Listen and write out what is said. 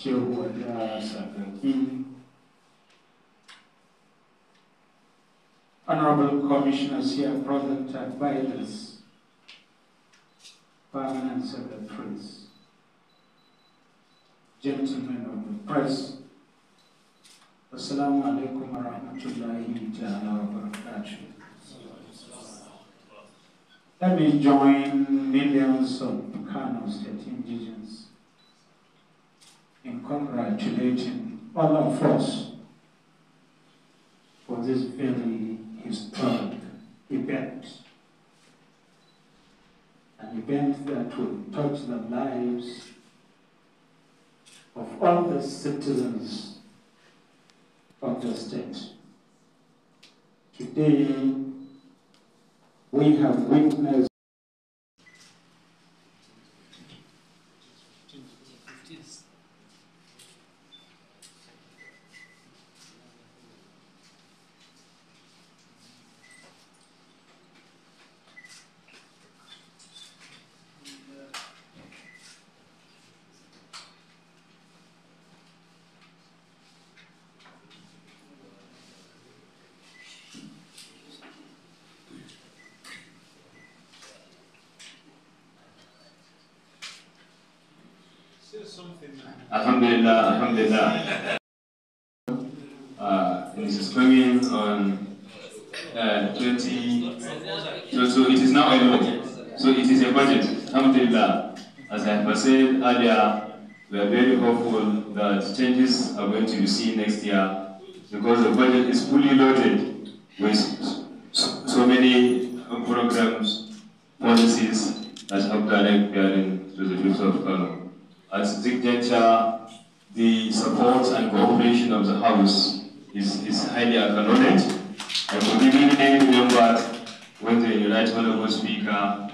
ṣe hmm. Honorable commissioners here present, advisors, permanent secretaries, gentlemen of the press, Assalamu alaikum wa rahmatullahi ta'ala wa barakatuh. Let me join millions of Kano state indigenous in congratulating all of us for this very historic event. An event that will touch the lives of all the citizens of the state. Today, we have witnessed Yes. Alhamdulillah, Alhamdulillah. Uh, it is coming on uh, 20. So, so it is now a loan. So it is a budget. Alhamdulillah. As I have said earlier, we are very hopeful that changes are going to be seen next year because the budget is fully loaded with so many programs, policies that help direct bearing to the use of um, as dictator, the support and cooperation of the House is, is highly acknowledged. I particularly remembered when the Right Honourable Speaker